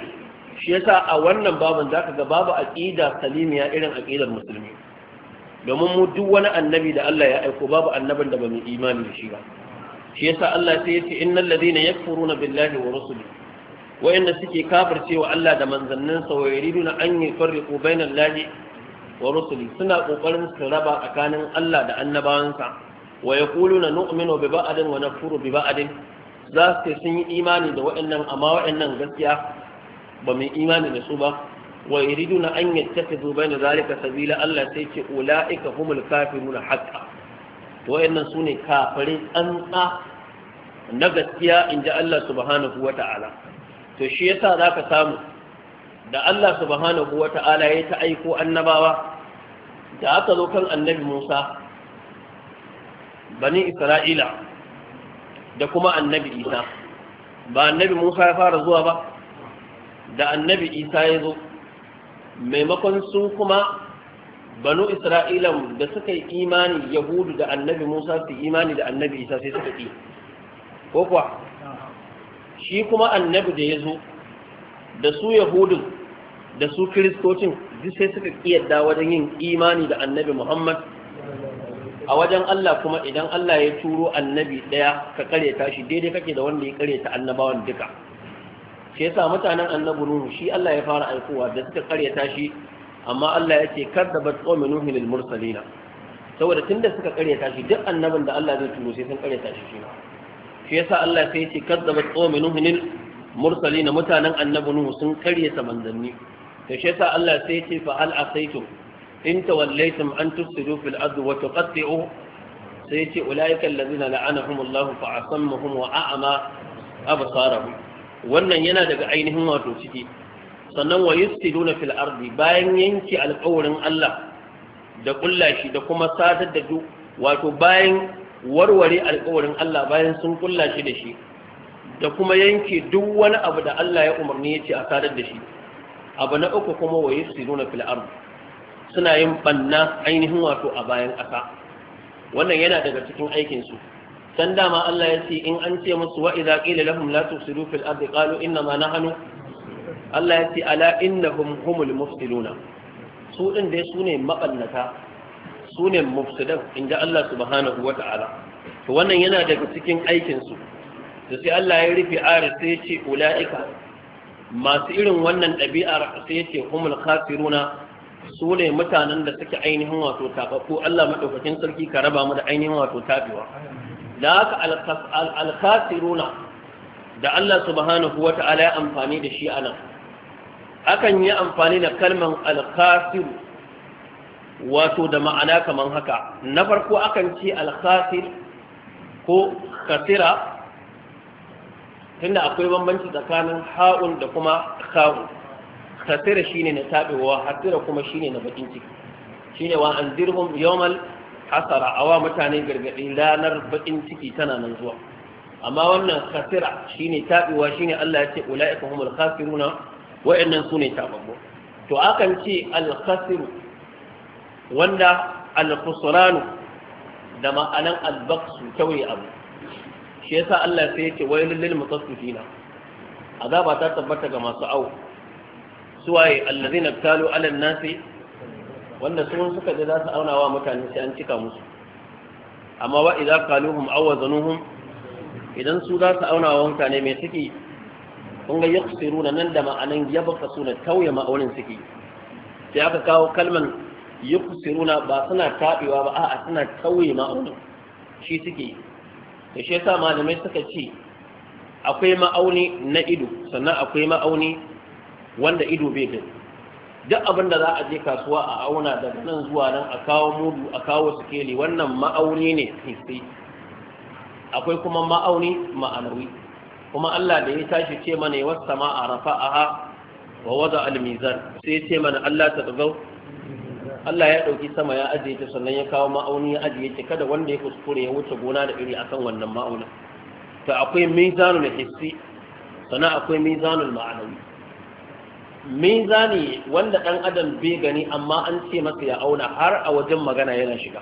shi yasa a wannan babin za ka ga babu aƙida salimiya irin aƙidar musulmi domin mu duk wani annabi da Allah ya aiko babu annabin da ba mu imani da shi ba shi yasa Allah sai ya ce innal ladina yakfuruna billahi wa rusulihi wayanda suke kafircewa Allah da manzanninsa, sa wa yuriduna an yufarriqu bainal lahi wa rusuli suna kokarin su raba tsakanin Allah da annabawansa wa yaquluna nu'minu bi ba'din wa nakfuru bi ba'din za su sun yi imani da wayannan amma wayannan gaskiya ba mu imani da su ba wa yuriduna an yattakhidhu baina zalika sabila Allah sai ce ulaika humul kafiruna haqqan wayannan sune kafirin an tsa na gaskiya inji Allah subhanahu wata'ala to shi yasa za ka samu da Allah subhanahu wa ta'ala ya ta aiko annabawa da aka zo kan annabi Musa bani Isra'ila da kuma annabi Isa ba annabi Musa ya fara zuwa ba da annabi Isa ya zo maimakon su kuma banu Isra'ila da suka yi imani Yahudu da annabi Musa su imani da annabi Isa sai suka ƙi ko kuwa shi kuma annabi da ya zo da su yahudun da su kiristocin duk sai suka kiyarda wajen yin imani da annabi muhammad a wajen allah kuma idan allah ya turo annabi ɗaya ka kareta shi daidai kake da wanda ya kareta annabawan duka shi yasa mutanen annabi nuhu shi allah ya fara aikowa da suka kareta shi amma allah ya ce kar da bat tsomi nuhu lil mursalina saboda tunda suka kareta shi duk annabin da allah zai turo sai sun kareta shi shi shi yasa Allah sai ce kazzaba qaumun nuhin na mutanen annabi nuhu sun sa manzanni to shi yasa Allah sai ce fa hal asaitum in tawallaytum an tufsidu fil ardi wa tuqatti'u sai ce ulaika allazina la'anahum Allah fa asammahum wa a'ama absarahum wannan yana daga ainihin wato ciki sannan wa yusiduna fil ardi bayan yanki alƙawarin Allah da kullashi da kuma sadar da wato bayan warware alƙawarin Allah bayan sun kulla shi da shi da kuma yanke duk wani abu da Allah ya umarni ya ce a sadar da shi abu na uku kuma waye su nuna fil'ar suna yin banna ainihin wato a bayan ƙasa wannan yana daga cikin aikinsu san dama Allah ya ce in an ce musu wa idza qila lahum la tufsidu fil ardi qalu inna ma nahnu Allah ya ce ala innahum humul mufsiduna su din dai su ne su ne mufsidan in Allah subhanahu wa ta'ala to wannan yana daga cikin aikinsu da sai Allah ya rufe ari sai ya ce ula'ika masu irin wannan ɗabi'ar sai ya ce humul khasiruna su ne mutanen da suke ainihin wato tababbu Allah madaukakin sarki ka raba mu da ainihin wato tafiwa. da haka alkhasiruna da Allah subhanahu wa ta'ala ya amfani da shi anan akan yi amfani da kalman alkhasiru wato da ma'ana kaman haka na farko akan ce alkhasir ko khasira tunda akwai bambanci tsakanin ha'un da kuma kha'un khasira shine na tabewa hatira kuma shine na bakin ciki shine wa anzirhum yawmal hasara awa mutane gargadi ranar bakin ciki tana nan zuwa amma wannan khasira shine tabewa shine Allah ya ce ulaika humul khasiruna wa'annan sune tababbu to akan ce al-khasiru wanda al da ma'anan al-baqsu kawai abu shi yasa Allah sai yake wailul lil mutaffifina azaba ta tabbata ga masu au suwaye allazina talu ala nasi wanda sun suka ji za su auna wa mutane sai an cika musu amma wa idza qaluhum aw zanuhum? idan su za su auna wa mutane mai suke kun ga yaksiruna nan da ma'anan yabqa suna tauye ma'aunin suke sai aka kawo kalman yukusiruna ba suna taɓewa ba a'a suna kawai ma'aunin shi suke da shi yasa malamai suka ce akwai ma'auni na ido sannan akwai ma'auni wanda ido bai gani duk abin da za a je kasuwa a auna daga nan zuwa nan a kawo mudu a kawo sikeli wannan ma'auni ne sai akwai kuma ma'auni ma'anawi kuma Allah da ya tashi ce mana ya wasu sama a rafa'aha wa wada almizan sai ce mana Allah ta dagau Allah ya ɗauki sama ya ajiye ta sannan ya kawo ma'auni ya ajiye ta kada wanda ya kuskure ya wuce gona da iri akan wannan ma'aunin to akwai mizanul hissi sannan akwai mizanul ma'anawi mizani wanda ɗan adam bai gani amma an ce masa ya auna har a wajen magana yana shiga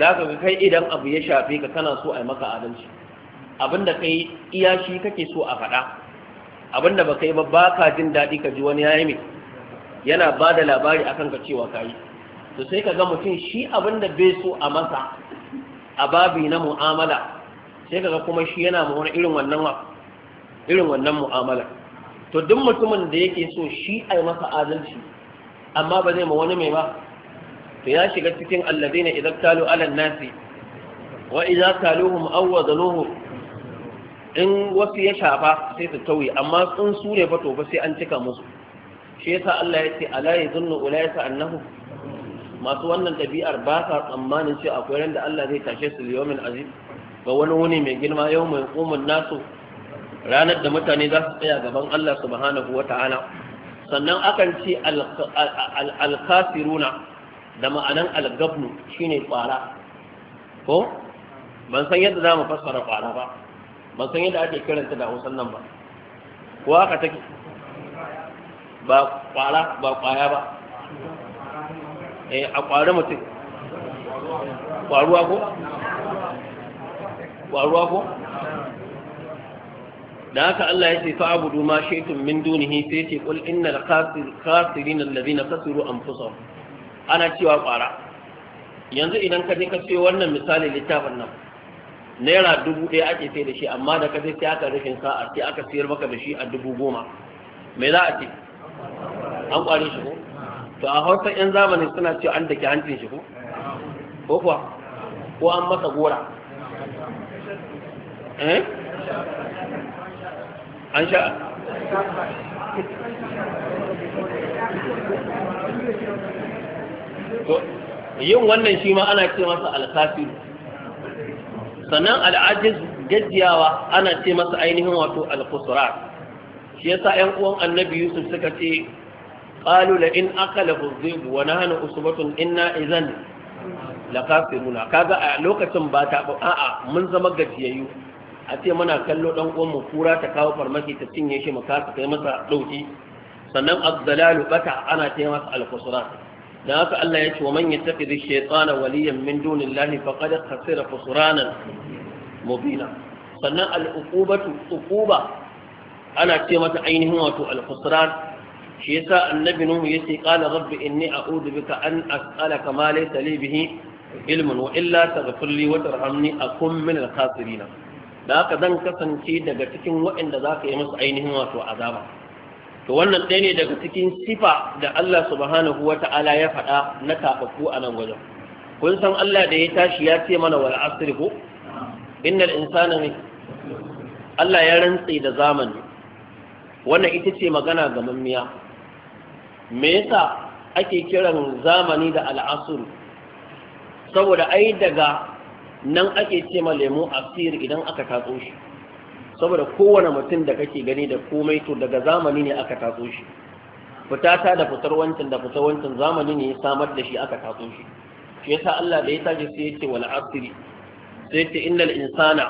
za ka kai idan abu ya shafe ka kana so a yi maka adalci abinda kai iya shi kake so a faɗa abinda ba kai ba ba ka jin daɗi ka ji wani yi mai yana ba da labari akan ka cewa kayi to sai ka ga mutum shi abinda bai so a masa a babi na mu'amala sai ka ga kuma shi yana mawana irin wannan mu'amala to duk mutumin da yake so shi yi masa adalci amma ba zai ma wani mai ba to ya shiga cikin na idan talo alan nasi wa mu taluhum da nuhu in wasu ya shafa sai su tauye amma in su ne fa to fa sai an cika musu shi yasa Allah ya ce ala yazunnu ulaika annahu masu wannan ɗabi'ar ba sa tsammanin cewa akwai ran da Allah zai tashe su liyomin azim ga wani wuni mai girma yau mai umun nasu ranar da mutane za su tsaya gaban Allah subhanahu wa ta'ala sannan akan ce alkafiruna da ma'anan algabnu shine kwara ko ban san yadda za mu fassara kwara ba ban san yadda ake kiranta da hausan nan ba ko aka take ba kwara ba kwaya ba eh a ƙwari mutum kwaruwa ko Kwaruwa ko da haka Allah ya ce fa abudu ma shaytum min dunihi sai ce qul innal khasirin alladhina khasiru anfusahum ana cewa ƙwara yanzu idan ka je ka ce wannan misali littafin nan naira dubu ɗaya ake sai da shi amma da ka sai aka rufin sa'a sai aka sayar maka da shi a dubu goma me za a ce an ƙware shi ko to a hautar yan zamani suna cewa an dake hancin shi ko kuwa ko an masa gora eh an sha yin wannan shi ma ana ce masa alkafiru sannan al'ajiz gajiyawa ana ce masa ainihin wato alkusurat shi yasa 'yan uwan annabi yusuf suka ce qalu in akalahu dhibu wa nahnu usbatun inna idhan lakafiruna kaga a lokacin ba ta a'a mun zama gajiyayyu a ce muna kallo dan uwan mu kura ta kawo farmaki ta cinye shi mu kasa kai masa ɗauki. sannan abdalalu bata ana ce masa alqusran dan haka Allah ya ce wa man ya shaytana waliyan min dunillahi faqad khasira khusranan mubina sannan al'uqubatu ana ce mata ainihin wato alqusran shi yasa annabi nuhu yace qala rabbi inni a'udhu bika an as'alaka ma laysa li bihi ilmun wa illa taghfir li wa tarhamni akun min al-khasirin da haka zan kasance daga cikin waɗanda za ka yi musu ainihin wato azaba to wannan ɗaya ne daga cikin sifa da Allah subhanahu wa ta'ala ya faɗa na kafafu a nan wajen kun san Allah da ya tashi ya ce mana wal asri ko innal insana ne Allah ya rantse da zamani wannan ita ce magana ga mammiya me yasa ake kiran zamani da al'asur saboda ai daga nan ake ce ma lemu asir idan aka tatso shi saboda kowane mutum da kake gani da komai to daga zamani ne aka tatso shi fitata da fitar wancan da fitar wancan zamani ne ya samar da shi aka tatso shi shi yasa Allah da ya tashi sai ya ce wal asr sai ya ce innal insana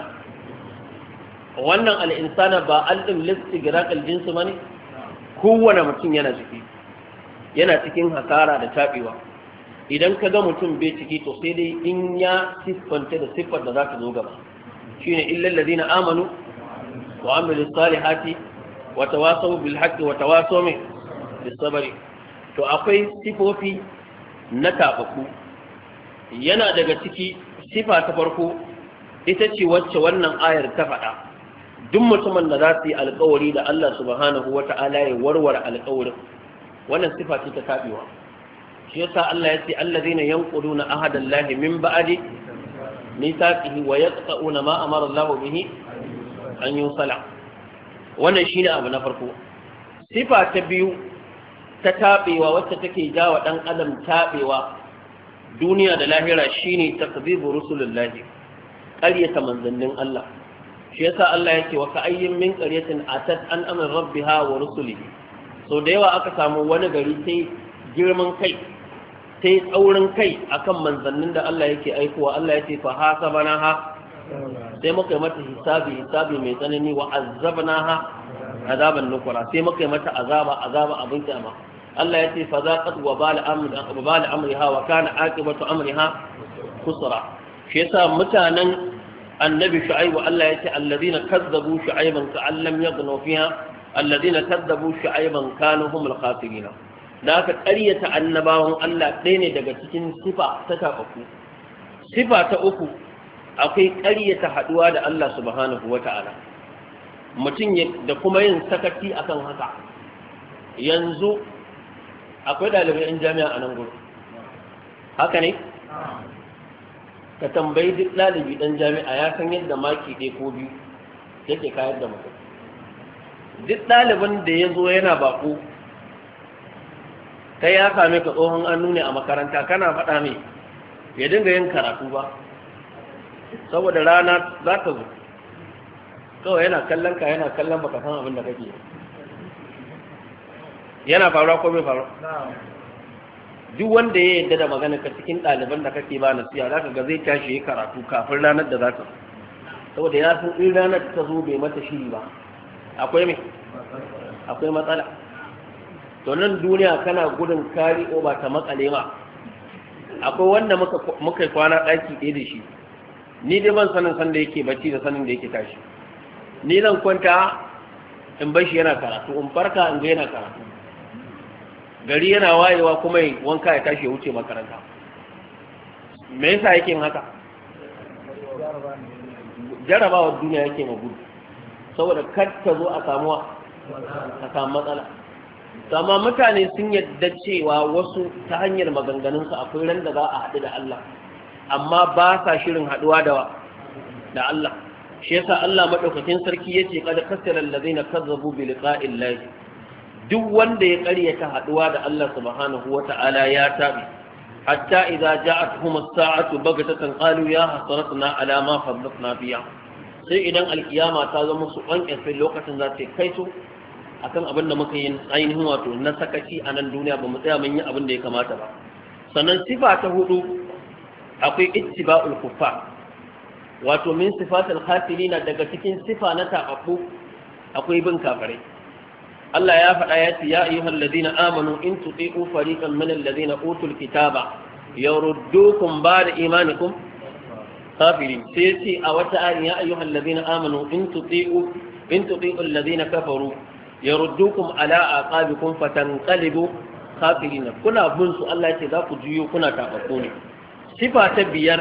wannan al insana ba al din listigraq al jinsi bane kowane mutum yana ciki yana cikin hasara da taɓewa idan ka ga mutum bai ciki to sai dai in ya siffanta da siffar da za ta zo gaba shine illal zina amanu wa amilu salihati wa tawasaw bil haqqi wa tawasaw to akwai sifofi na tabaku yana daga ciki sifa ta farko ita ce wacce wannan ayar ta faɗa duk mutumin da za su yi alkawari da Allah subhanahu wa ta'ala ya warware alkawarin wannan sifa ce ta kabewa shi yasa Allah ya ce allazina yanquduna ahadallahi min ni ba'di mithaqihi wa yaqta'una ma amara Allah bihi an Sala. wannan shi ne abu na farko sifa ta biyu ta taɓewa, wacce take jawa dan adam taɓewa? duniya da lahira shi ne shine takzibu rusulullahi qaryata manzannin Allah shi yasa Allah ya yake wa ka'ayyin min a atat an amr rabbiha wa rusulihi sau da yawa aka samu wani gari sai girman kai ta yi tsaurin kai a kan manzannin da Allah yake aikowa Allah ya ce fa na ha sai muka yi mata hisabi hisabi mai tsanani wa na ha azaban nukura sai muka yi mata azaba azaba abin kyama Allah ya ce fa za zaqat wa bal amriha wa bal amriha wa kana aqibatu amriha kusura. shi yasa mutanen annabi shu'aibu Allah ya ce allazina kazzabu shu'aiban ka allam yaghnu fiha allazina kadzabu shu'ayban kanu humul khasirin da aka ƙaryata annabawan Allah ɗaya ne daga cikin sifa ta tafaku sifa ta uku akwai ƙaryata haɗuwa da Allah subhanahu wata'ala mutum da kuma yin sakati akan haka yanzu akwai ɗalibai 'yan jami'a a nan gudu haka ne ka tambayi duk ɗalibi ɗan jami'a ya san yadda maki ɗaya ko biyu yake kayar da mutum duk ɗaliban da ya zo yana baƙo kai ya same ka tsohon an nune a makaranta kana faɗa mai ya dinga yin karatu ba saboda rana za ka zo kawai yana kallon ka yana kallon baka san abin da kake yana faruwa ko bai faruwa duk wanda ya yadda da magana ka cikin ɗaliban da kake ba nasiya za ka ga zai tashi ya karatu kafin ranar da za ta saboda ya san in ranar ta zo bai mata shiri ba akwai mai akwai matsala to nan duniya kana gudun kari ko ba ta makale ma akwai wanda muka muka kwana daki ɗaya da shi ni dai ban sanin san da yake bacci da sanin da yake tashi ni zan kwanta in bashi yana karatu in farka in ga yana karatu gari yana wayewa kuma wanka ya tashi ya wuce makaranta me yasa yake haka jarabawa duniya yake ma gudu saboda kar ta zo a samuwa a samu matsala amma mutane sun yadda cewa wasu ta hanyar maganganunsu akwai ran da za a haɗu da Allah amma ba sa shirin haɗuwa da da Allah shi yasa Allah madaukakin sarki yace kada kasara allazina kazzabu bi liqa'i Allah duk wanda ya ƙaryata haɗuwa da Allah subhanahu wata'ala ya tabi hatta idza ja'atuhum as-sa'atu baghtatan qalu ya hasratna ala ma faddatna fiha sai idan alkiyama ta zama su an ƙarfi lokacin za ta kai su a kan abin da muka yi ainihin wato na sakaci a nan duniya ba mu tsaya mun yi abin da ya kamata ba sannan sifa ta hudu akwai ittiba'ul kuffa wato min sifatul na daga cikin sifa na tafafu akwai bin kafare Allah ya faɗa ya ce ya ayyuhal ladina amanu in tuti'u fariqan min alladhina utul kitaba yurdukum ba'da imanikum sabirin sai ce a wata ayin ya ayyuhal ladina amanu in tuti'u in tuti'u alladhina kafaru yaruddukum ala aqabikum fatanqalibu khafirina kuna bin su Allah ce za ku juyo kuna tabako ne sifa ta biyar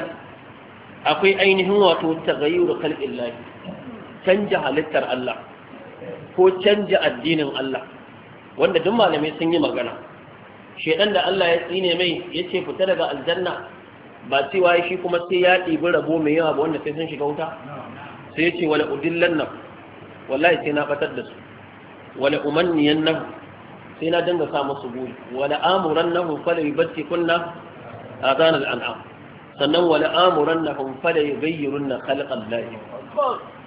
akwai ainihin wato taghayyur khalqillah canja halittar Allah ko canja addinin Allah wanda duk malamai sun yi magana shedan da Allah ya tsine mai yace fita daga aljanna ba waye shi kuma sai ya ɗibi rabo mai yawa ba wanda sai sun shiga wuta sai ya ce wala udillan nan wallahi sai na batar da su wala umanniyan nan sai na dinga sa musu buri wala amuran nan fala yubatti kunna A azan al'an'am sannan wala amuran nan fala yughayyirun khalqan lahi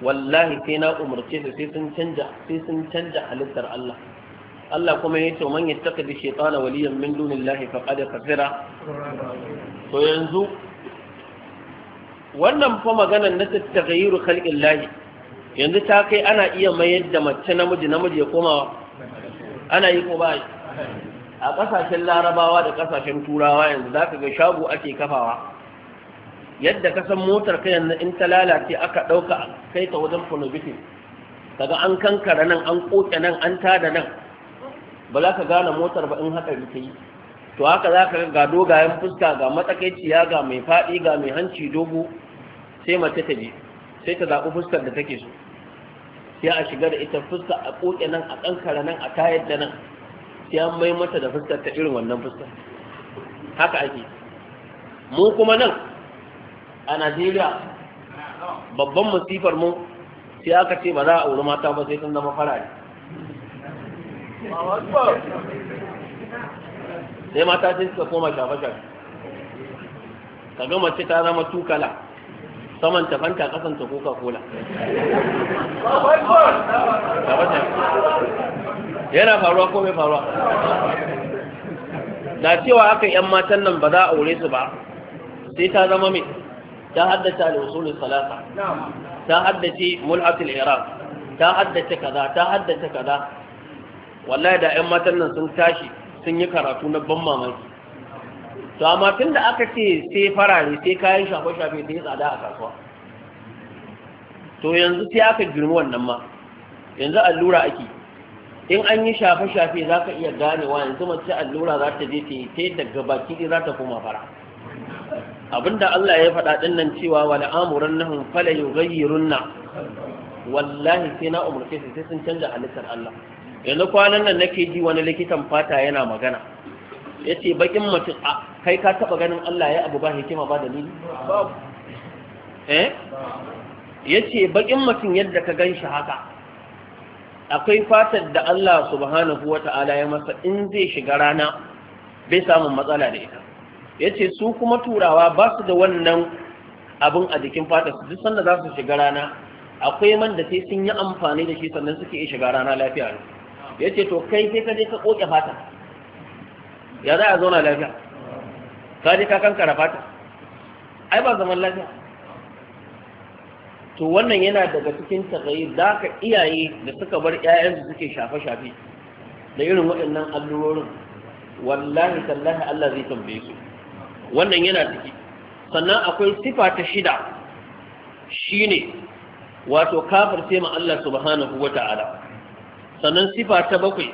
wallahi sai na umarce su sai sun canja sai sun canja halittar Allah Allah kuma ya ce man yattaqi shaytana waliyan min dunillahi faqad kafara to yanzu wannan fa maganar na tattagayiru khalqin lahi yanzu ta kai ana iya mayar da mace namiji namiji ya koma ana yi ko ba a kasashen larabawa da kasashen turawa yanzu zaka ga shago ake kafawa yadda ka san motar ka yanzu in ta lalace aka ɗauka kai ta wajen phonobiti kaga an kankara nan an koke nan an tada nan ba za ka gane motar ba in haka ta yi to haka za ka ga dogayen fuska ga matsakaiciya ga mai faɗi ga mai hanci dogo sai mace ta je sai ta zaɓi fuskar da take so sai a shiga da ita fuska a ƙoƙe nan a ƙankara nan a tayar da nan sai an mai mata da fuskar ta irin wannan fuskar haka ake mu kuma nan a najeriya babban masifar mu sai aka ce ba za a auri mata ba sai sun zama farare sai mata sai suka koma shafa shafe ka ga mace ta zama tukala saman ta fanta kasan ta coca kola. yana faruwa ko mai faruwa da cewa aka yan matan nan ba za a aure su ba sai ta zama mai ta haddace al-usulul salata ta haddace mulhatul iraq ta haddace kaza ta haddace kaza wallahi da yan matan nan sun tashi sun yi karatu na ban mamaki to amma tun da aka ce sai farare sai kayan shafe-shafe da ya tsada a kasuwa to yanzu sai aka girma wannan ma yanzu allura ake in an yi shafe-shafe za ka iya ganewa yanzu mace allura za ta je ta yi daga baki za ta koma fara abinda Allah ya faɗa ɗin nan cewa wa la'amuran yau fala na wallahi sai na umarce su sai sun canza halittar Allah yanzu kwanan nan nake ji wani likitan fata yana magana ya ce bakin mutum a kai ka taba ganin Allah ya abu ba hikima ba eh ya ce bakin mutum yadda ka gan shi haka akwai fatar da Allah subhanahu wa ta'ala ya masa in zai shiga rana bai samun matsala da ita ya ce su kuma turawa ba su da wannan abin a jikin fatar su duk sanda za su shiga rana akwai man da sai sun yi amfani da shi sannan suke shiga rana lafiya ne ya ce to kai sai ka je ka koke fata ya za a zauna lafiya ka je ka kankara fata ai ba zaman lafiya to wannan yana daga cikin tsayi za ka iyaye da suka bar 'ya'yansu suke shafe-shafe da irin waɗannan allurorin wallahi tallahi Allah zai tambaye su wannan yana ciki sannan akwai sifa ta shida shine wato kafir sai ma Allah subhanahu wata'ala sannan sifa ta bakwai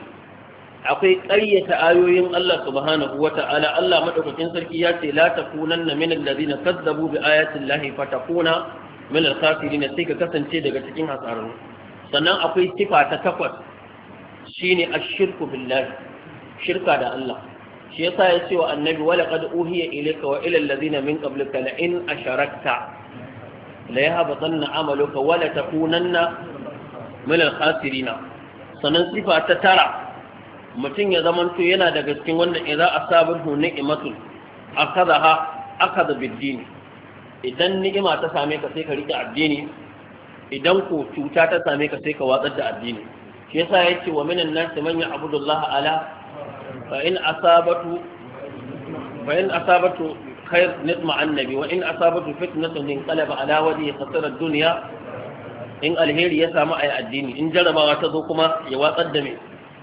akwai ƙaryata ayoyin Allah subhanahu wata'ala Allah madaukakin sarki ya ce la takunanna min alladhina kazzabu bi ayati llahi fatakuna min al sai ka kasance daga cikin hasararru sannan akwai sifa ta takwas shine ash-shirku billahi shirka da Allah shi yasa ya ce wa annabi wala qad uhiya ilayka wa ila alladhina min qablika la in asharakta la yahbatanna amaluka wala takunanna min al sannan sifa ta tara mutum ya zamanto yana daga cikin wanda idza asabahu ni'matun akadaha da biddini idan ni'ima ta same ka sai ka rike addini idan ko cuta ta same ka sai ka watsar da addini shi yasa ce wa minan nasi man ya'budu Allah ala fa in asabatu fa in asabatu khair nitma annabi wa in asabatu fitnatun inqalaba ala wajhi khasara ad-dunya in alheri ya samu ayi addini in jarabawa ta zo kuma ya watsar da me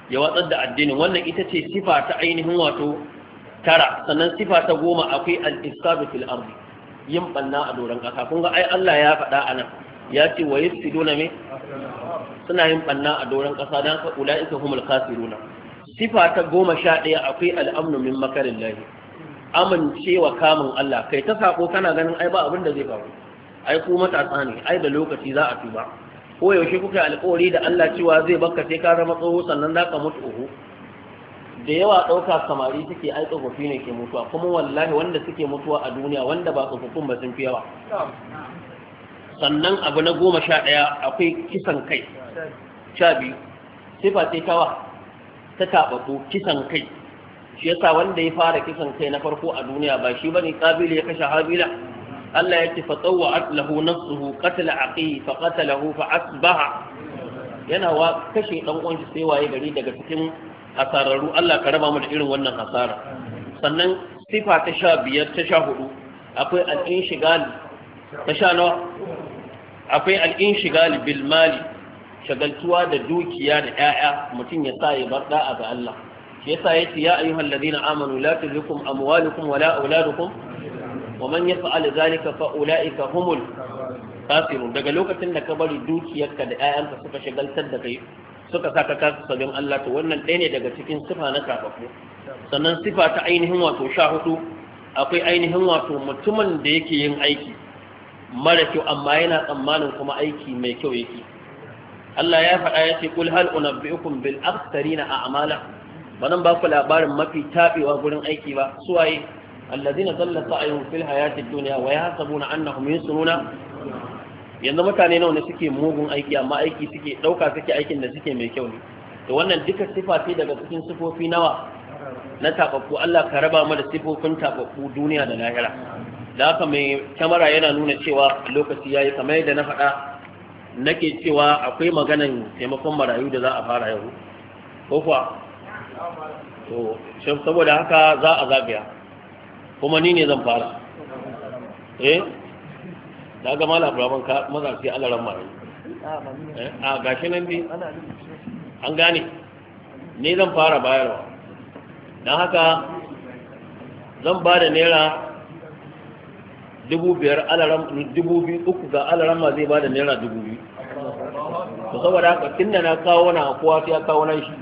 ya watsar da addini wannan ita ce sifa ta ainihin wato tara sannan sifa ta goma akwai al-isadu fil ardi yin banna a doron kasa kun ga ai Allah ya faɗa anan ya ce wa yafsiduna me suna yin banna a doron kasa dan ka ulaika humul kafiruna sifa ta goma sha ɗaya akwai al-amnu min makarillahi amincewa kamun Allah kai ta sako kana ganin ai ba abin da zai faru ai ku matasa ne ai da lokaci za a tuba ko yaushe kuka yi alƙawari da Allah cewa zai baka sai ka zama tsoho sannan za ka mutu uhu da yawa ɗauka samari suke ai tsofaffi ne ke mutuwa kuma wallahi wanda suke mutuwa a duniya wanda ba tsofaffin ba sun fi yawa sannan abu na goma sha ɗaya akwai kisan kai sha biyu sifa ce kawa ta taɓaɓo kisan kai shi yasa wanda ya fara kisan kai na farko a duniya ba shi bane kabila ya kashe habila Allah ya ce fatsawa lahu nafsuhu qatala aqi fa qatalahu fa asbaha yana wa kashe dan uwan shi sai waye gari daga cikin asararu Allah ka raba mu da irin wannan asara sannan sifa ta sha biyar ta sha hudu akwai al-inshigal ta sha nawa akwai al-inshigal bil mali shagaltuwa da dukiya da 'ya'ya mutum ya sa ya bar da'a ga Allah shi yasa yace ya ayyuhal ladina amanu la tuzikum amwalukum wala auladukum wa man yaf'al zalika fa ulaika humul kafirun daga lokacin da ka bari dukiyarka da 'ya'yanta suka shagaltar da kai suka saka ka kasu sabin Allah to wannan ɗaya ne daga cikin sifa na kafafu sannan sifa ta ainihin wato sha hudu akwai ainihin wato mutumin da yake yin aiki mara kyau amma yana tsammanin kuma aiki mai kyau yake Allah ya faɗa ya ce kul hal unabbiukum bil aktharina a'mala ba nan ba ku labarin mafi taɓewa gurin aiki ba suwaye الذين dalla sa'yuhum في الحياة الدنيا ويحسبون yahsabuna يسرون yanzu mutane nawa ne suke mugun aiki amma aiki suke ɗauka suke aikin da suke mai kyau ne to wannan duka sifa daga cikin sifofi nawa na tababbu Allah ka raba mu da sifofin tababbu duniya da lahira da haka mai kyamara yana nuna cewa lokaci yayi kamar yadda na faɗa nake cewa akwai maganan taimakon marayu da za a fara yau ko kuwa to saboda haka za a zagaya kuma ni ne zan fara eh da ga mala abraman ka maza sai Allah ran mai eh? a gashi nan bi. an gane ne zan fara bayarwa dan haka zan ba da naira dubu biyar alaram dubu biyu uku ga alaram ma zai bada naira dubu biyu to saboda haka tunda na kawo na kowa sai ya kawo nan shi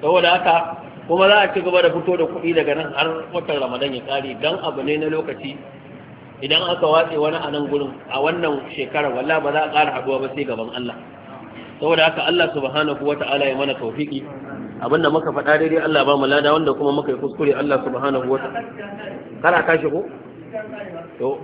saboda haka kuma za a ci gaba da fito da kuɗi daga nan har watan ramadan ya ƙare don abu ne na lokaci idan aka watse wani a nan gurin a wannan shekarar walla ba za a ƙara haɗuwa ba sai gaban Allah saboda haka Allah subhanahu ta'ala ya mana tawfiki abinda muka faɗa daidai Allah ba mu lada wanda kuma muka yi kuskure Allah subhanahu ta'ala kana ka shigo to